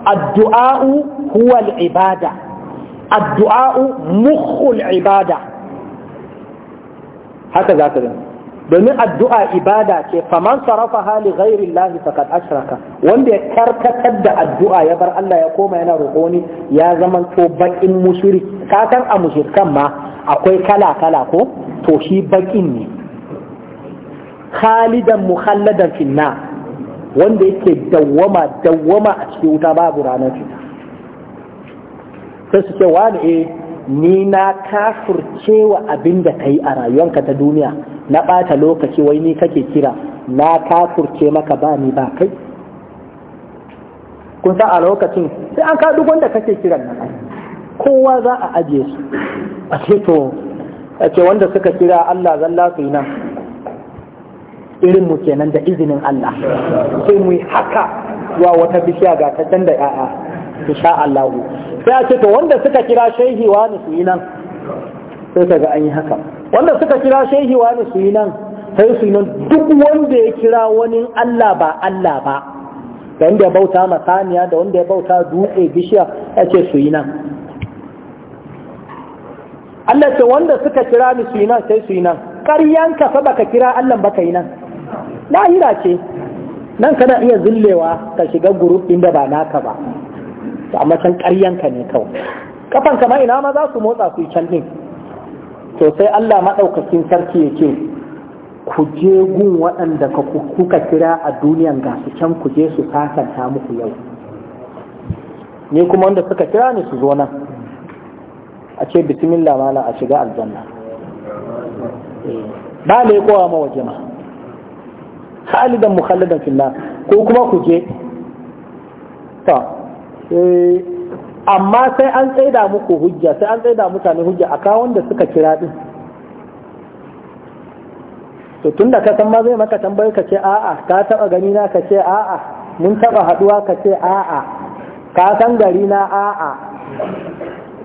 addu'a'u huwa al-ibada addu'a'u mukhul ibada haka za ka gani domin addu'a ibada ce faman sarrafa hali ghairi Allah faqad ashraka wanda ya karkatar da addu'a ya bar Allah ya koma yana roƙoni ya zama to baƙin mushrik kakan a mushrikan ma akwai kala kala ko to shi baƙin ne khalidan muhalladan finna wanda yake dawwama dawwama a cikin wuta babu ranar fita sai su ce wani eh ni na kafurce wa abin da ka yi a rayuwanka ta duniya na ɓata lokaci wai ni kake kira na kafurce maka ba ni ba kai kun sa a lokacin sai an kaɗu wanda kake kiran nan kowa za a ajiye su a ce to a ce wanda suka kira Allah zalla su nan irin mu kenan da izinin Allah sai mu yi haka zuwa wata bishiya ga ta canza 'ya'ya insha Allah sai a ce to wanda suka kira shehi ni su yi nan sai ga an yi haka wanda suka kira shehi ni su yi nan sai su yi nan duk wanda ya kira wani Allah ba Allah ba da wanda ya bauta masaniya da wanda ya bauta dutse bishiya ya ce su yi nan Allah ce wanda suka kira ni su yi nan sai su yi nan ƙaryanka fa baka kira Allah baka yi nan lahira ce nan kana iya zillewa ka shiga gurup inda ba naka ba to amma can ƙaryanka ne kawai kafan kama ina ma za su motsa su can din to sai Allah maɗaukakin sarki ya ce ku je gun waɗanda kuka kira a duniyan ga su can ku je su sasanta muku yau ni kuma wanda suka kira ni su zo nan a ce bismillah mala a shiga aljanna ba ne kowa ma waje ma khalidan mukhalladan fillah ko kuma ku je to Eh, amma sai an tsaida muku hujja sai an tsaida mutane hujja a kawon da suka kira din to tunda ka san ma zai maka tambayar ka ce a'a ka taba gani na ka ce a'a mun taba haduwa ka ce a'a ka san gari na a'a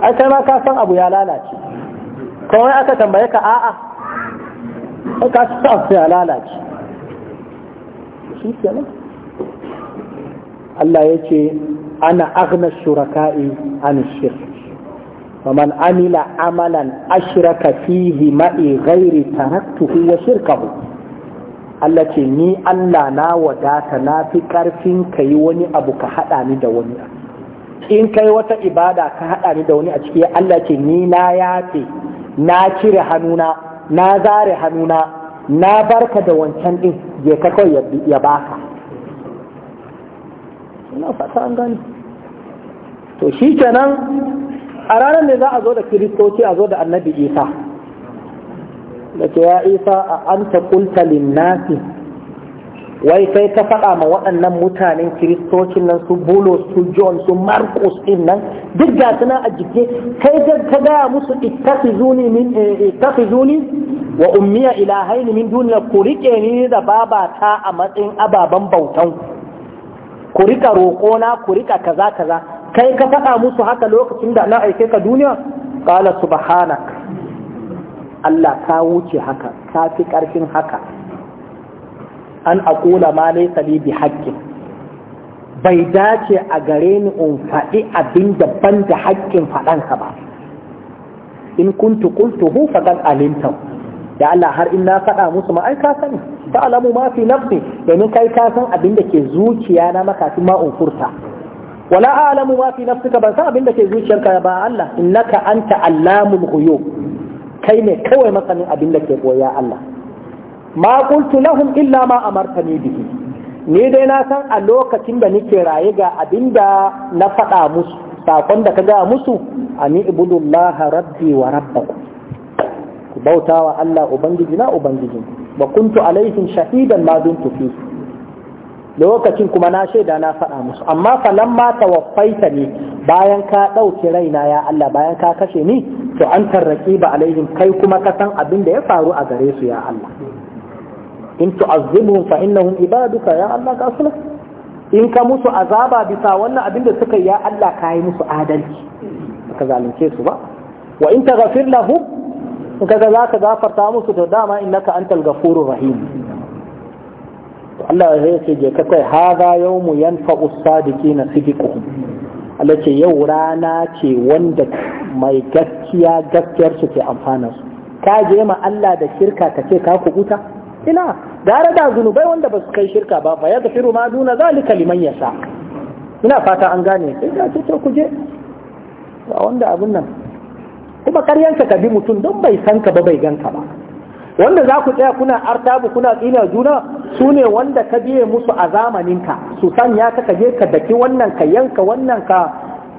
ai sai ma ka san abu ya lalace kawai aka tambaye ka a'a ai ka san abu ya lalace shi kenan Allah ya ce ana aghna shuraka'i an shirk faman amila amalan ashraka fihi ma'i ghairi taraktuhu wa shirkahu Allah ce ni Allah na wadata na fi karfin ka yi wani abu ka hada ni da wani in kai wata ibada ka haɗa ni da wani a ciki Allah ce ni na yafe na cire hannuna na zare hannuna na barka da wancan ɗin, je ka kawai ya baka na fata an gani to shi kenan a ranar ne za a zo da kiristoci a zo da annabi isa da ke ya isa a an ta kulta wai sai ta faɗa ma waɗannan mutanen kiristocin nan su bulos su john su marcus din nan duk ga suna a jike kai ka gaya musu ittafizuni eh, zuni wa ummiya ne min duniya ku riƙe ni da babata a matsayin ababen bautan ku rika roƙona ku rika kaza kaza kai ka faɗa musu haka lokacin da na aike ka duniya qala subhanak Allah ka wuce haka ka fi ƙarfin haka an aqula ma laysa li bi haqqin bai dace a gare ni in faɗi abin da ban da haƙƙin faɗansa ba in kuntu qultuhu faqad alimta da Allah har in na faɗa musu ma ai ka sani ta'lamu ma fi nafsi domin kai ka san abin da ke zuciya na makafi ma in furta wala a'lamu ma fi nafsika ban san abin da ke zuciyarka ba Allah innaka anta allamul ghuyub kai ne kawai masanin abin da ke koya Allah ma qultu lahum illa ma amartani bihi ni dai na san a lokacin da nake raye ga abin da na faɗa musu sakon da ka ga musu ani ibudullah rabbi wa rabbakum ku bautawa Allah ubangiji na ubangijinku wa kuntu alaihim shahidan ma dumtu fi lokacin kuma na shaida na faɗa musu amma mata tawaffaita ni bayan ka ɗauki raina ya Allah bayan ka kashe ni to an tarraki ba alaihim kai kuma ka san abin da ya faru a gare su ya Allah in tu'azzibuhum fa innahum ibaduka ya Allah ka sulh in ka musu azaba bisa wannan abin da suka ya Allah ka yi musu adalci ka zalunce su ba wa in taghfir lahum in ka za ka gafarta musu to dama in naka antal gafuru rahim to Allah ya ce je ka kai hadha yawmu yanfa'u sadiqina Allah ce yau rana ce wanda mai gaskiya gaskiyar su ke amfana su ka je ma Allah da shirka ka ce ka kubuta ina gara da zunubai wanda ba su kai shirka ba fa ya gafiru ma duna zalika liman yasha ina fata an gane sai ka ce ku je wanda abin nan kuma karyanka ka bi mutum don bai san ka ba bai ganka ba wanda za ku tsaya kuna artabu kuna tsina juna su ne wanda ka biye musu a zamaninka su sanya ka je ka daki wannan ka yanka wannan ka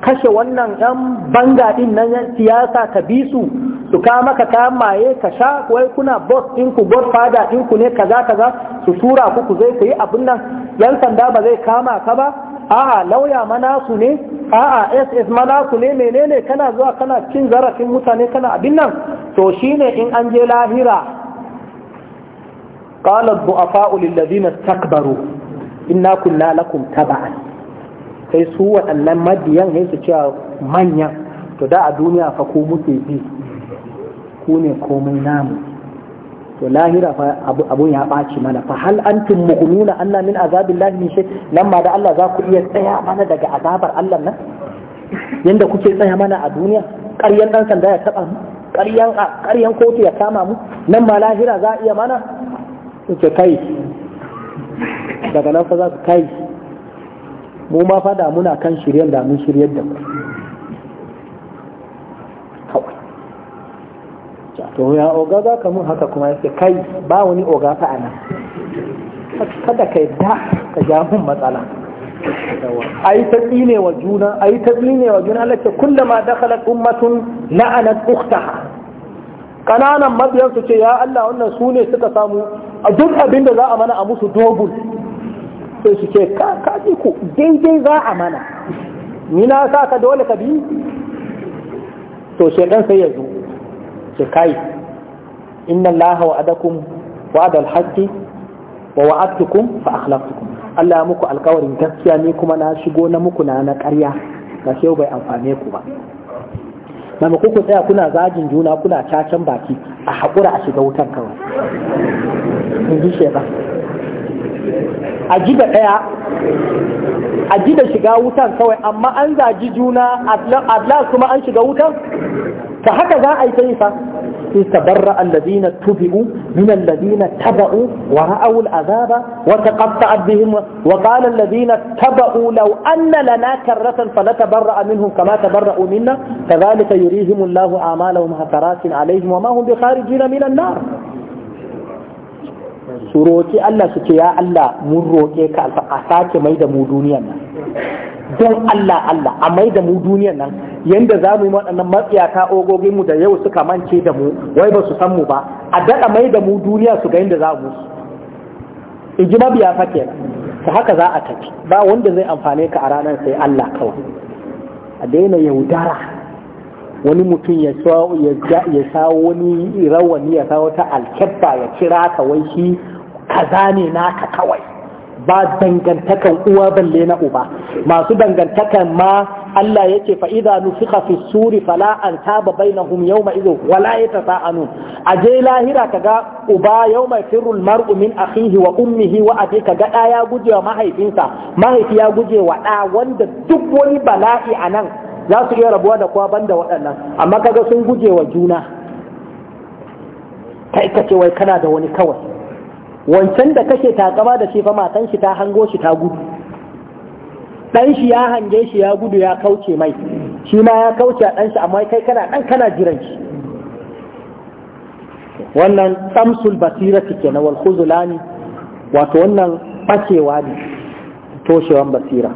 kashe wannan yan banga din nan siyasa ka bi su su ka maka ka maye ka sha wai kuna boss ku boss fada ku ne kaza kaza su tura ku ku zai ku yi abin nan yan sanda ba zai kama ka ba a'a lauya manasu su ne a'a ss mana su ne menene kana zuwa kana cin zarafin mutane kana abin nan to shine in an je lahira qala du'afa'u lil ladina takbaru inna kunna lakum taba'an sai su waɗannan madiyan sai su cewa manyan to da a duniya fa ku muke bi ku ne komai namu to lahira fa abun ya ɓaci mana fa hal antum mu'minuna anna min azabillahi min shay nan ma da Allah za ku iya tsaya mana daga azabar Allah nan yanda kuke tsaya mana a duniya ƙaryan dan sanda ya taba mu ƙaryan ƙaryan kotu ya kama mu nan ma lahira za iya mana ce kai daga nan fa za su kai mu ma fa da muna kan shiryen da mun shiryar da ku to ya oga za ka mun haka kuma yake kai ba wani oga ka ana kada ka da ka ja mun matsala ai ta tsine wa juna ai ta tsine wa juna Allah ce kulle ma da kala ummatun la'anat ukhtaha kananan mabiyan su ce ya Allah wannan su ne suka samu a duk abin da za a mana a musu dogul sai su ce ka ka ji ku daidai za a mana ni na sa ka dole ka bi to shedan sai ya zo ce kai inna allaha wa'adakum wa'ada alhaqi wa wa'adtukum fa akhlaftukum Allah muku alkawarin gaskiya ne kuma na shigo na muku na na ƙarya ba sai bai amfane ku ba na muku ku tsaya kuna zagin juna kuna cacan baki a haƙura a shiga wutan kawai in ji a ji ɗaya a shiga wutan kawai amma an zaji juna adla kuma an shiga wutan ta haka za a yi sai fa in tubi'u min alladina taba'u wa ra'u al'azaba wa taqatta bihim wa kama tabarra'u minna kadhalika yurihimu allahu a'malahum hasaratin alayhim wa ma hum bi minan nar su roƙi Allah su ce ya Allah mun roƙe ka a sake mai da mu duniyan nan don Allah Allah a mai da mu duniyan nan yanda za mu yi waɗannan matsiyaka ogogin mu da yau suka mance da mu wai ba su san mu ba a daɗa mai da mu duniya su ga yadda za mu in ji mabiya fa ta haka za a tafi ba wanda zai amfane ka a ranar sai Allah kawai a daina yaudara wani mutum ya sa wani rawani ya sa ta alkyabba ya kira ka wai shi kaza ne naka kawai ba dangantakan uwa balle na uba masu dangantakan ma Allah yake fa idza nufiqa fi suri fala hum yau mai idhin wala a aje lahira kaga uba mai firul mar'u min akhihi wa ummihi wa abi kaga da ya guje wa mahaifinsa mahaifi ya guje wa ɗa wanda duk wani bala'i anan za su iya rabuwa da kuwa da waɗannan amma kaga sun guje wa juna kai ce wai kana da wani kawai wancan da kake takama da shi fa matan shi ta hango shi ta gudu dan shi ya hange shi ya gudu ya kauce mai shi ma ya kauce a dan shi amma kai kana dan kana jiran shi wannan tsamsul basirati kenan wal khuzlani wato wannan bacewa ne toshewan basira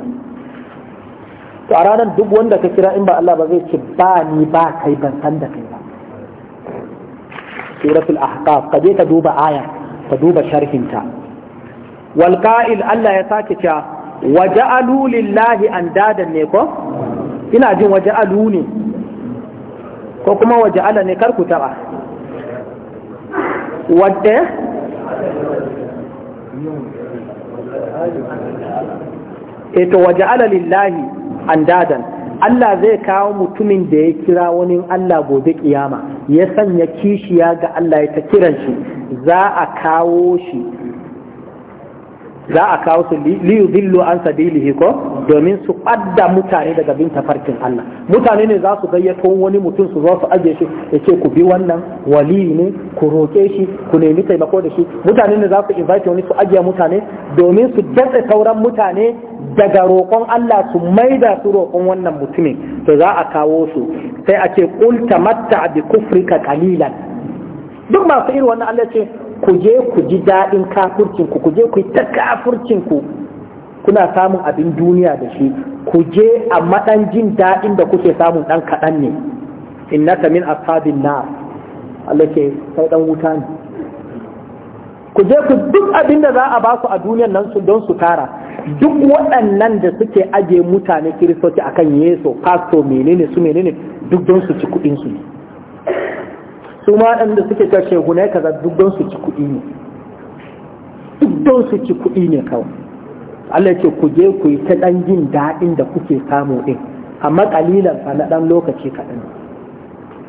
to a ranar duk wanda ka kira in ba Allah ba zai ce ba ni ba kai ban san da kai ba suratul ahqaf ka je ka duba aya ka duba sharhinta wal qa'il Allah ya sake cewa waja'alu lillahi andadan ne ko ina jin waja'alu ne ko kuma waja'ala ne kar ku taba wadda eto eh, waja'ala lillahi andadan Allah zai kawo mutumin da ya kira wani Allah gobe kiyama ya sanya kishiya ga Allah ya ta kiran shi za a kawo shi za a kawo su liyudillu an sabilihi ko domin su ɓadda mutane daga bin tafarkin Allah mutane ne za su gayyato wani mutum su zo su ajiye shi ya ce ku bi wannan wali ne ku roƙe shi ku nemi taimako da shi mutane ne za su invite wani su ajiye mutane domin su datse sauran mutane daga roƙon Allah su maida su roƙon wannan mutumin to za a kawo su sai a ce mata tamatta bi kufrika ƙalilan. duk masu irin wannan Allah ce ku je ku ji daɗin kafurcin ku ku je ku yi ta kafurcin ku kuna samun abin duniya da shi ku je a maɗan jin daɗin da kuke samun ɗan kaɗan ne innaka min ashabin na Allah ke sai ɗan wuta ne ku je ku duk abin da za a ba ku a duniyan nan su don su tara duk waɗannan da suke ajiye mutane kiristoci akan yeso pasto menene su menene duk don su ci kuɗin su ne su ma da suke ta shehunai kaza duk don su ci kuɗi ne duk don su ci kuɗi ne kawai Allah ce ku je ku yi ta ɗan jin daɗin da kuke samu ɗin amma ƙalilan fa na ɗan lokaci kaɗan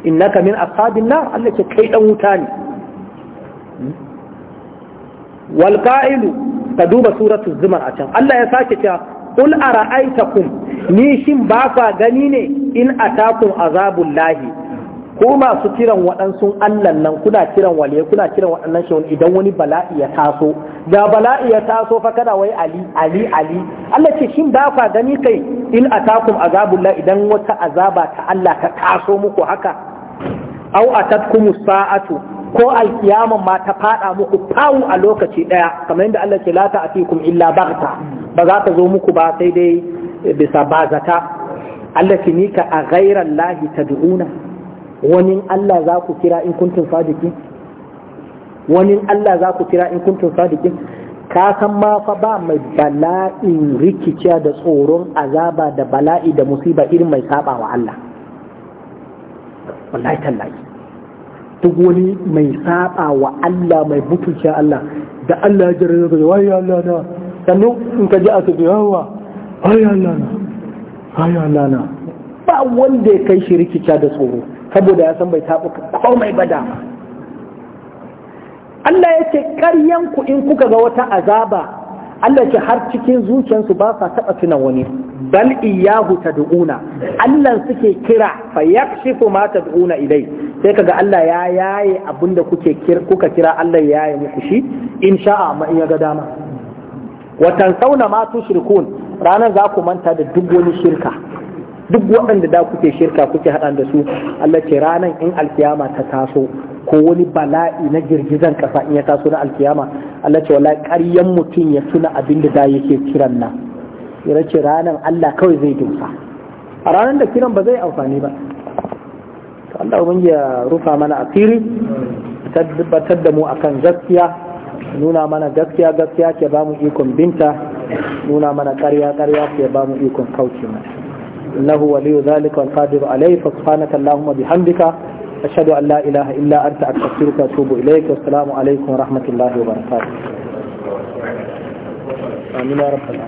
innaka min ashabin nar Allah ce kai ɗan wuta ne wal ka duba suratul zumar a can Allah ya sake cewa qul ara'aytakum ni shin ba gani ne in atakum azabullahi ko masu kiran waɗansu Allah nan kuna kiran waliye kuna kiran waɗannan shehun idan wani bala'i ya taso da bala'i ya taso fa kada wai ali ali ali Allah ce shin ba gani kai in atakum azabullahi idan wata azaba ta Allah ta taso muku haka au atatkum sa'atu ko alkiyaman ma ta fada muku a lokaci daya kamar yadda Allah ce la ta'atikum illa barta ba za ta zo muku ba sai dai bisa bazata Allah ki ni ka a ghairan lahi tad'una wani Allah za ku kira in kuntum sadiqin wani Allah za ku kira in kuntum sadiqin ka san ma fa ba mai bala'in rikiciya da tsoron azaba da bala'i da musiba irin mai saba Allah wallahi tallahi duk wani mai saba wa Allah mai mutunci Allah da Allah ya jira da wai Allah na sannan in ka ji a su yawa ai Allah na ai Allah na ba wanda ya kai shi rikica da tsoro saboda ya san bai taɓa komai ba dama Allah ya ce ƙaryanku in kuka ga wata azaba Allah ce har cikin zuciyarsu ba sa taɓa tunan wani bal iyahu tad'una Allah suke kira fa yakshifu ma tad'una ilai sai kaga Allah ya yaye abinda kuke kuka kira Allah ya yaye muku shi in sha'a ma in ga dama Watan tansawna ma shirkun, ranar za ku manta da duk wani shirka duk waɗanda da kuke shirka kuke haɗa da su Allah ce ranan in alkiyama ta taso ko wani bala'i na girgizan kasa in ya taso na alkiyama Allah ce wallahi ƙaryan mutum ya tuna abin da da yake kiran nan ya ce ranan Allah kawai zai dosa a ranar da kiran ba zai amfani ba Allah ubangi ya rufa mana asiri tabbatar da mu akan gaskiya nuna mana gaskiya gaskiya ke ba mu ikon binta nuna mana ƙarya ƙarya ke ba mu ikon kauce innahu waliyu zalika wal qadiru alayhi subhanaka allahumma bihamdika ashhadu an la ilaha illa anta astaghfiruka wa atubu ilayk wa assalamu alaykum wa rahmatullahi wa barakatuh